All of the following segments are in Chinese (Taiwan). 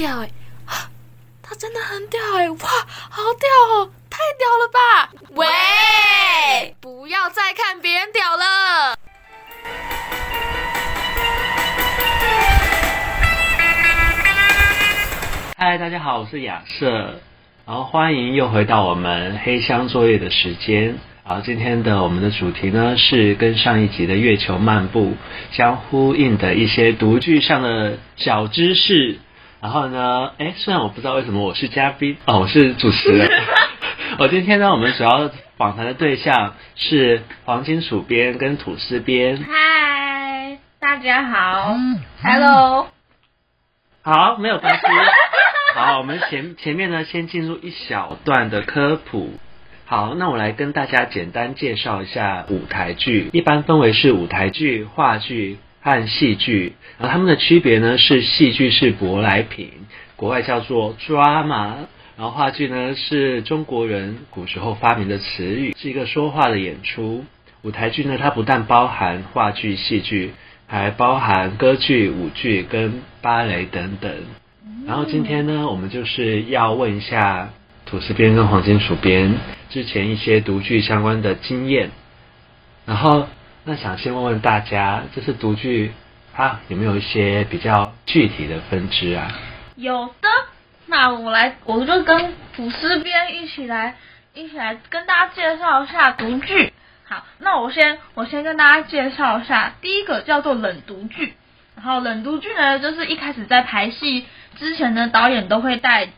他真的很屌哎，哇，好屌哦，太屌了吧！喂，不要再看別人屌了。嗨，大家好，我是亞瑟，然後歡迎又回到我們黑箱作業的時間，然後今天的我們的主題呢是跟上一集的月球漫步相呼應的一些讀劇上的小知識。然後呢，哎，雖然我不知道為什麼我是嘉賓哦，我是主持人。我 今天呢，我們主要訪談的對象是黃金薯編跟吐司編。嗨，大家好，Hello。好，沒有關係。 好，我們前前面呢，先進入一小段的科普。好，那我來跟大家簡單介紹一下舞台劇，一般分為是舞台劇、話劇。和戲劇，然後他們的區別呢，是戲劇是舶來品，國外叫做 drama，然後話劇呢，是中國人古時候發明的詞語，是一個說話的演出。舞台劇呢，它不但包含話劇、戲劇，還包含歌劇、舞劇跟芭蕾等等。然後今天呢，我們就是要問一下吐司編跟黃金薯編之前一些讀劇相關的經驗，然後。那想先問問大家，就是讀劇啊，有沒有一些比較具體的分支啊？有的，那我來，我就跟古思編一起來，一起來跟大家介紹一下讀劇。好，那我先，我先跟大家介紹一下，第一個叫做冷讀劇。然後冷讀劇呢，就是一開始在排戲之前呢，導演都會帶。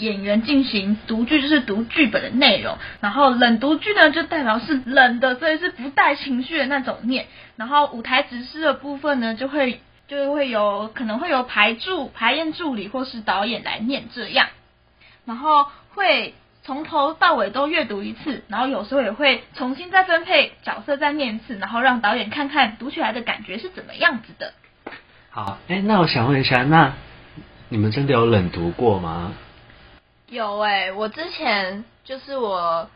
演員進行讀劇，就是讀劇本的內容。然後冷讀劇呢，就代表是冷的，所以是不帶情緒的那種念。然後舞台指示的部分呢，就會就會有可能會有排助、排練助理或是導演來念這樣。然後會從頭到尾都閱讀一次，然後有時候也會重新再分配角色再念一次，然後讓導演看看讀起來的感覺是怎麼樣子的。好，哎、欸，那我想問一下，那你們真的有冷讀過嗎？有欸，我之前就是我，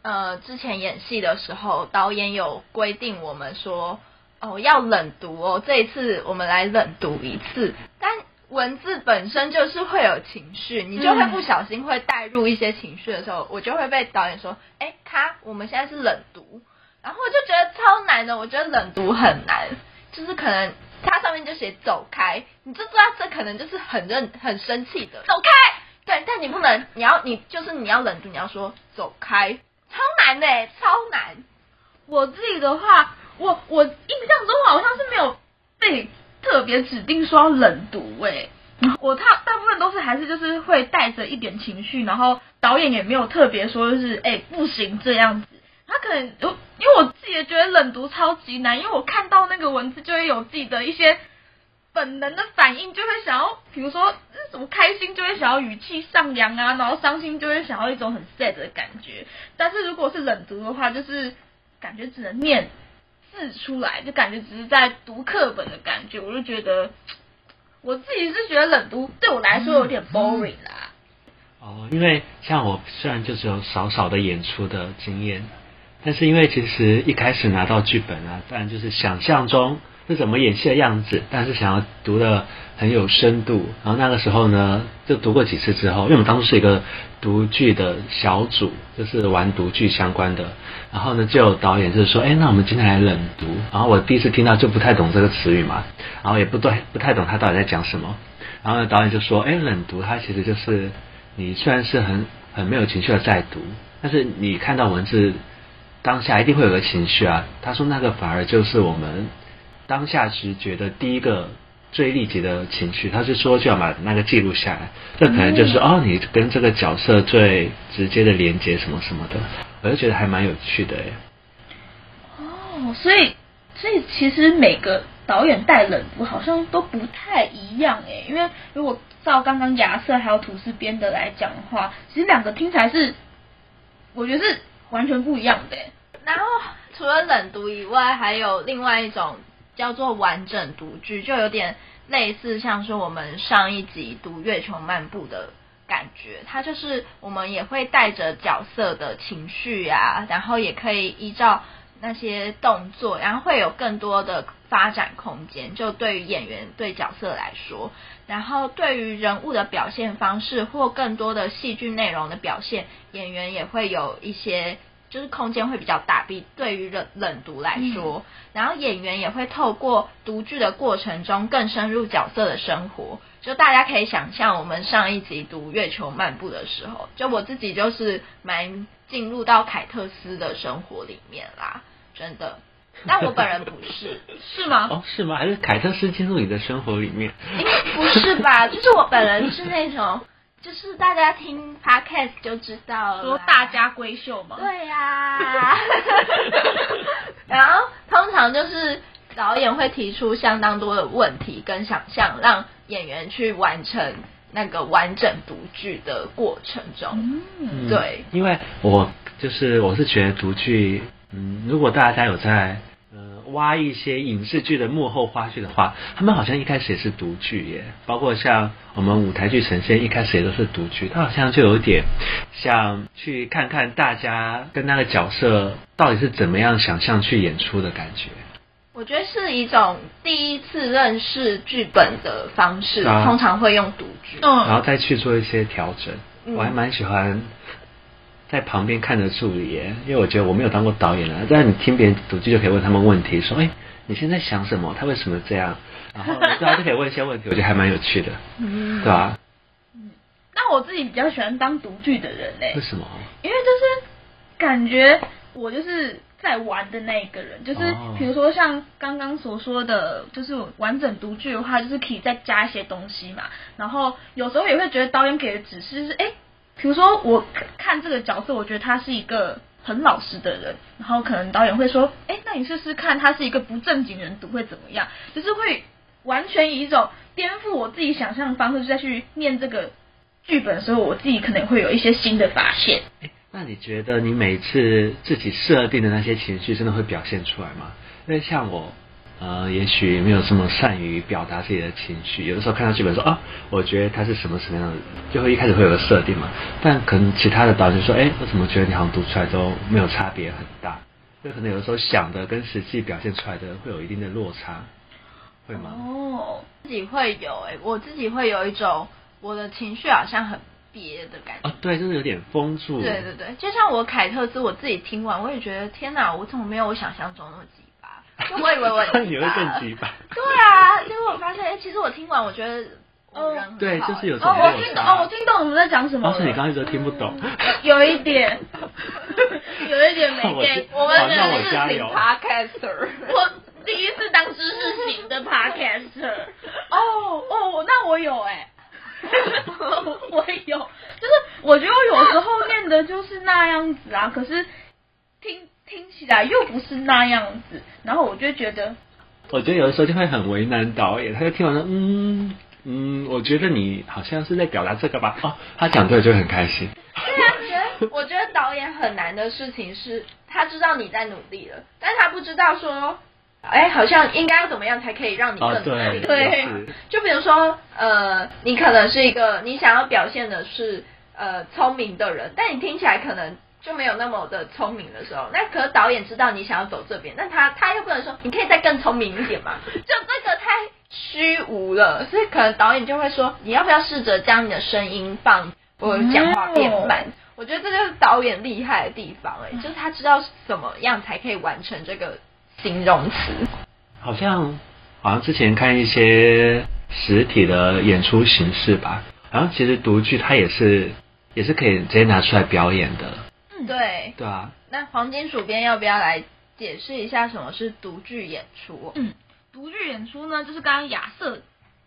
呃，之前演戲的時候，導演有規定我們說，哦，要冷讀哦，這一次我們來冷讀一次。但文字本身就是會有情緒，你就會不小心會帶入一些情緒的時候，嗯，我就會被導演說，欸，卡，我們現在是冷讀。然後我就覺得超難的，我覺得冷讀很難，就是可能它上面就寫走開，你就知道這可能就是很認很生氣的走開。對，但你不能，你要你就是你要冷讀，你要說走開，超難嘞、欸，超難。我自己的話，我我印象中好像是沒有被特別指定說要冷讀誒、欸。然後我大大部分都是還是就是會帶着一點情緒，然後導演也沒有特別說就是誒、欸、不行這樣子。他可能我因為我自己也覺得冷讀超級難，因為我看到那個文字就會有自己的一些。本能的反應就會想要，比如說，是什麼開心就會想要語氣上揚啊，然後傷心就會想要一種很 sad 的感覺。但是如果是冷讀的話，就是感覺只能念字出來，就感覺只是在讀課本的感覺。我就覺得，我自己是覺得冷讀對我來說有點 boring 啦、啊嗯嗯。哦，因為像我雖然就只有少少的演出的經驗，但是因為其實一開始拿到劇本啊，當然就是想象中。是怎麼演戲的樣子，但是想要讀得很有深度。然後那個時候呢，就讀過幾次之後，因為我們當初是一個讀劇的小組，就是玩讀劇相關的。然後呢，就有導演就說，哎，那我們今天來冷讀。然後我第一次聽到就不太懂這個詞語嘛，然後也不對，不太懂他到底在講什麼。然後呢，導演就說，哎，冷讀它其實就是你雖然是很很沒有情緒的在讀，但是你看到文字當下一定會有個情緒啊。他說那個反而就是我們。當下是覺得第一個最立即的情緒，他是說就要把那個記錄下來，這可能就是哦，你跟這個角色最直接的連接什麼什麼的，我就覺得還蠻有趣的耶、欸。哦，所以所以其實每個導演帶冷讀好像都不太一樣哎、欸，因為如果照剛剛亞瑟還有吐司編的來講的話，其實兩個聽起來是我覺得是完全不一樣的、欸。然後除了冷讀以外，還有另外一種。叫做完整讀劇，就有點類似，像是我們上一集讀《月球漫步》的感覺。它就是我們也會帶着角色的情緒啊，然後也可以依照那些動作，然後會有更多的發展空間。就對於演員，對角色來說，然後對於人物的表現方式或更多的戲劇內容的表現，演員也會有一些。就是空間會比較大，比對於冷冷讀來說，嗯、然後演員也會透過讀劇的過程中更深入角色的生活。就大家可以想象，我們上一集讀《月球漫步》的時候，就我自己就是蠻進入到凱特斯的生活裡面啦，真的。但我本人不是，是嗎？哦，是嗎？還是凱特斯進入你的生活裡面？哎、欸，不是吧？就是我本人是那種。就是大家聽 Podcast 就知道了，說大家閨秀嘛。對呀、啊。然後通常就是導演會提出相當多的問題跟想象，讓演員去完成那個完整讀劇的過程中。對，因為我就是我是覺得讀劇，嗯，如果大家有在。挖一些影視劇的幕後花絮的話，他們好像一開始也是讀劇耶，包括像我們舞台劇呈現，一開始也都是讀劇，他好像就有點想去看看大家跟那個角色到底是怎麼樣想象去演出的感覺。我覺得是一種第一次認識劇本的方式，啊、通常會用讀劇，嗯、然後再去做一些調整。我還蠻喜歡。在旁邊看着助理，因為我覺得我沒有當過導演了。但你聽別人讀劇就可以問他們問題，說：“哎、欸，你現在想什麼？他為什麼這樣？”然後對，後就可以問一些問題， 我覺得還蠻有趣的，嗯、對吧、啊？嗯，那我自己比較喜歡當讀劇的人呢？為什麼？因為就是感覺我就是在玩的那一個人，就是比如說像剛剛所說的，就是完整讀劇的話，就是可以再加一些東西嘛。然後有時候也會覺得導演給的指示是：“哎、欸。”比如說，我看這個角色，我覺得他是一個很老實的人，然後可能導演會說：“哎，那你試試看，他是一個不正經人讀，讀會怎麼樣？”就是會完全以一種顛覆我自己想象的方式再去念這個劇本的時候，所以我自己可能會有一些新的發現。哎，那你覺得你每次自己設定的那些情緒，真的會表現出來嗎？因為像我。呃，也許沒有這麼善於表達自己的情緒，有的時候看到劇本說啊，我覺得他是什麼什麼樣的，就會一開始會有個設定嘛，但可能其他的導演說，哎、欸，我怎麼覺得你好像讀出來都沒有差別很大，就可能有的時候想的跟實際表現出來的會有一定的落差，會嗎？哦，自己會有哎、欸，我自己會有一種我的情緒好像很憋的感覺啊、哦，對，就是有點封住。對對對，就像我凱特茲，我自己聽完我也覺得，天哪，我怎麼沒有我想象中那麼急？我以為我，但你會更舉吧。對啊，因為我發現，哎、欸，其實我聽完，我覺得我、欸，嗯，對，就是有，時候有、哦。我聽，哦，我聽懂你們在講什麼。但是你剛才說聽不懂。有一點， 有一點沒電。我們、啊、是知識型 podcaster 我第一次當知識型的 podcaster 哦哦，那我有哎、欸。 我有，就是我覺得有時候念的就是那樣子啊，可是聽。聽起來又不是那樣子，然後我就覺得，我覺得有的時候就會很為難導演，他就聽完了，嗯嗯，我覺得你好像是在表達這個吧，哦，他講對，就很開心。對啊，我覺得 我覺得導演很難的事情是，他知道你在努力了，但是他不知道說，哎，好像應該要怎麼樣才可以讓你更努力。哦、對，對是就比如說，呃，你可能是一個你想要表現的是呃聰明的人，但你聽起來可能。就沒有那麼的聰明的時候。那可是導演知道你想要走這邊，那他他又不能說你可以再更聰明一點嘛？就這個太虛無了，所以可能導演就會說：你要不要試着將你的聲音放，我講話變慢？No. 我覺得這就是導演厲害的地方，欸，哎，就是他知道怎麼樣才可以完成這個形容詞。好像好像之前看一些實體的演出形式吧，好像其實讀劇它也是也是可以直接拿出來表演的。對，對啊。那黃金主編要不要來解釋一下什麼是讀劇演出？嗯，讀劇演出呢，就是剛剛亞瑟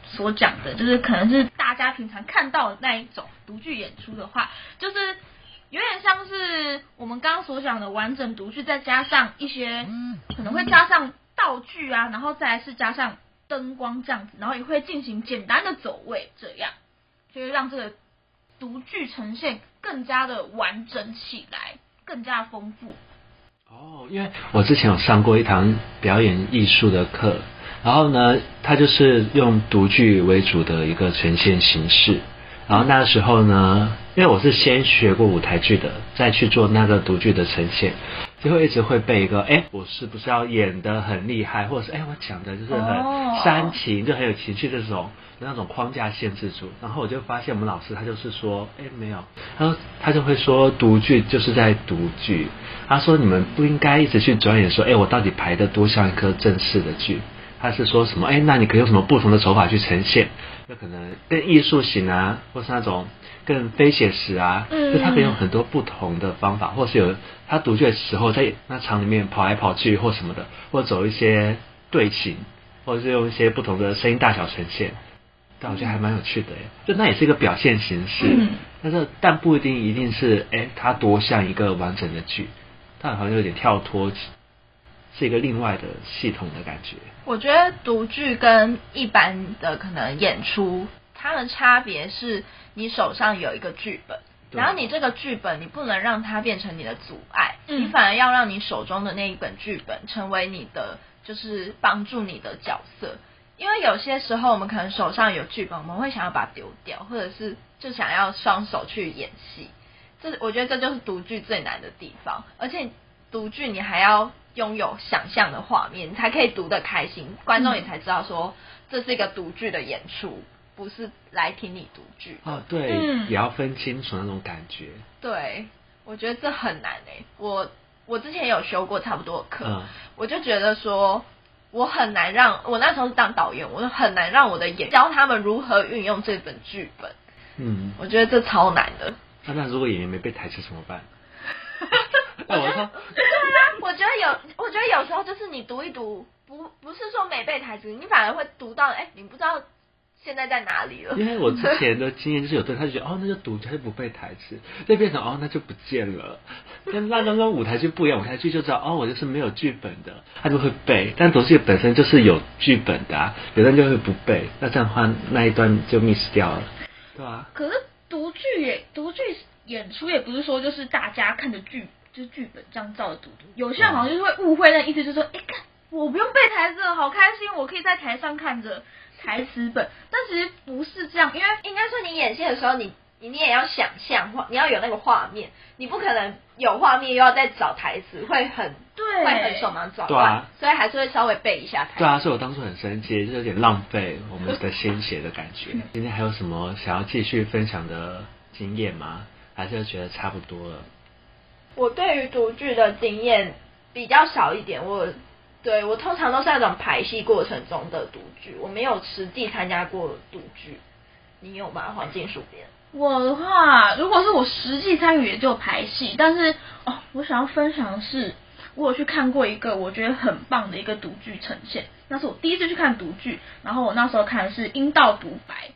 所講的，就是可能是大家平常看到的那一種讀劇演出的話，就是有點像是我們剛剛所講的完整讀劇，再加上一些可能會加上道具啊，然後再來是加上燈光這樣子，然後也會進行簡單的走位，這樣就是讓這個讀劇呈現更加的完整起來，更加豐富。哦，oh, 因為我之前有上過一堂表演藝術的課，然後呢，他就是用讀劇為主的一個呈現形式。然後那時候呢，因為我是先學過舞台劇的，再去做那個讀劇的呈現，最後一直會背一個，哎、欸，我是不是要演得很厲害，或者是哎、欸，我講的就是很煽情，oh. 就很有情緒這種。那種框架限制住，然後我就發現我們老師他就是說，哎，沒有，他說他就會說讀劇就是在讀劇，他說你們不應該一直去轉眼說，哎，我到底排得多像一顆正式的劇，他是說什麼，哎，那你可以用什麼不同的手法去呈現？那可能更藝術型啊，或是那種更非寫實啊，就他可以用很多不同的方法，或是有他讀劇的時候在那場裡面跑來跑去或什麼的，或走一些隊形，或者是用一些不同的聲音大小呈現。但我覺得還蠻有趣的耶，就那也是一個表現形式，嗯、但是但不一定一定是哎，它、欸、多像一個完整的劇，但好像有點跳脫，是一個另外的系統的感覺。我覺得讀劇跟一般的可能演出，它的差別是你手上有一個劇本，對然後你這個劇本，你不能讓它變成你的阻礙，嗯、你反而要讓你手中的那一本劇本成為你的，就是幫助你的角色。因為有些時候我們可能手上有劇本，我們會想要把它丟掉，或者是就想要雙手去演戲。這我覺得這就是讀劇最難的地方。而且讀劇你還要擁有想象的畫面，你才可以讀得開心。觀眾也才知道說、嗯、這是一個讀劇的演出，不是來聽你讀劇。哦，對，嗯、也要分清楚那種感覺。對，我覺得這很難誒、欸。我我之前有修過差不多的課，嗯、我就覺得說。我很難讓我那時候是當導演，我就很難讓我的演教他們如何運用這本劇本。嗯，我覺得這超難的。那、啊、那如果演員沒背台詞怎麼辦？ 我說得。對 啊，我覺得有，我覺得有時候就是你讀一讀，不不是說沒背台詞，你反而會讀到，哎、欸，你不知道。現在在哪裡了？因為我之前的經驗就是有對，他就覺得 哦，那就讀他就是、不背台詞，就變成哦，那就不見了。跟那剛剛舞台劇不一樣，舞台劇就知道哦，我就是沒有劇本的，他就會背。但讀劇本身就是有劇本的、啊，有的人就會不背。那這樣的話，那一段就 miss 掉了。對啊。可是讀劇也讀劇演出也不是說就是大家看着劇就是劇本這樣照著讀，有些人好像就是會誤會那意思，就是說，哎哇、欸，我不用背台詞，好開心，我可以在台上看着。台詞本，但其實不是這樣，因為應該說你演戲的時候你，你你你也要想象，你要有那個畫面，你不可能有畫面又要再找台詞，會很對，會很手忙腳亂，對啊，所以還是會稍微背一下台詞。對啊，所以我當初很生氣，就有點浪費我們的心血的感覺。 今天還有什麼想要繼續分享的經驗嗎？還是覺得差不多了？我對於讀劇的經驗比較少一點，我。對，我通常都是那種排戲過程中的讀劇，我沒有實際參加過讀劇，你有嗎？環境書邊我的話，如果是我實際參與也就排戲，但是、哦、我想要分享的是，我有去看過一個我覺得很棒的一個讀劇呈現，那是我第一次去看讀劇，然後我那時候看的是陰道獨白，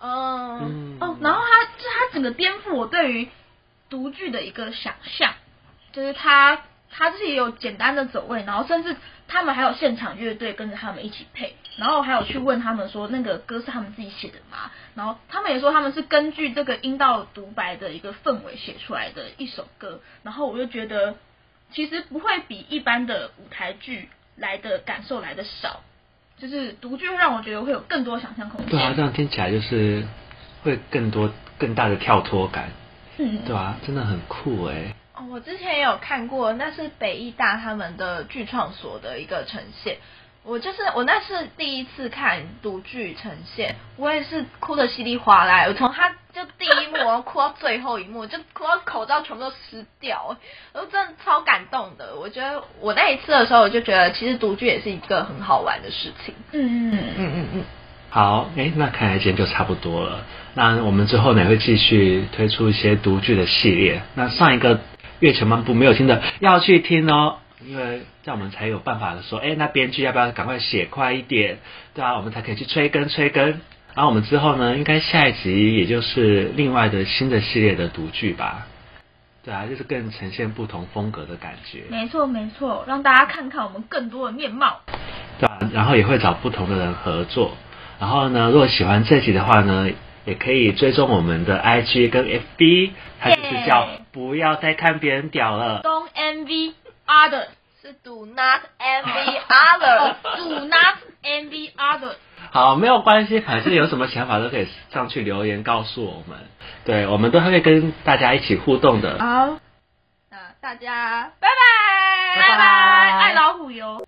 嗯，嗯哦，然後它就它整個顛覆我對於讀劇的一個想象，就是它。他自己也有簡單的走位，然後甚至他們還有現場樂隊跟着他們一起配，然後還有去問他們說，那個歌是他們自己寫的嗎？然後他們也說他們是根據這個陰道獨白的一個氛圍寫出來的一首歌，然後我就覺得其實不會比一般的舞台劇來的感受來的少，就是讀劇會讓我覺得會有更多想象空間。對啊，這樣聽起來就是會更多更大的跳脫感，嗯，對啊，真的很酷哎、欸。我之前也有看過，那是北藝大他們的劇創所的一個呈現。我就是我那是第一次看讀劇呈現，我也是哭的稀里嘩啦，我從他就第一幕然後哭到最後一幕，就哭到口罩全部都濕掉，我真的超感動的。我覺得我那一次的時候，我就覺得其實讀劇也是一個很好玩的事情。嗯嗯嗯嗯嗯。嗯嗯好，哎、欸，那看來今天就差不多了。那我們之後呢會繼續推出一些讀劇的系列。那上一個。月球漫步沒有聽的要去聽哦，因為這樣我們才有辦法說，哎、欸，那編劇要不要趕快寫快一點？對啊，我們才可以去催更催更。然後我們之後呢，應該下一集也就是另外的新的系列的讀劇吧？對啊，就是更呈現不同風格的感覺。沒錯沒錯，讓大家看看我們更多的面貌。對、啊，然後也會找不同的人合作。然後呢，如果喜歡這集的話呢，也可以追蹤我們的 IG 跟 FB 是叫不要再看別人屌了。Don't envy others. 是 Do not envy others. Do not envy others. 好，沒有關係，反正有什麼想法，都可以上去留言告訴我們。對，我們都還會跟大家一起互動的。好，那大家拜拜，拜拜，拜拜，愛老虎油。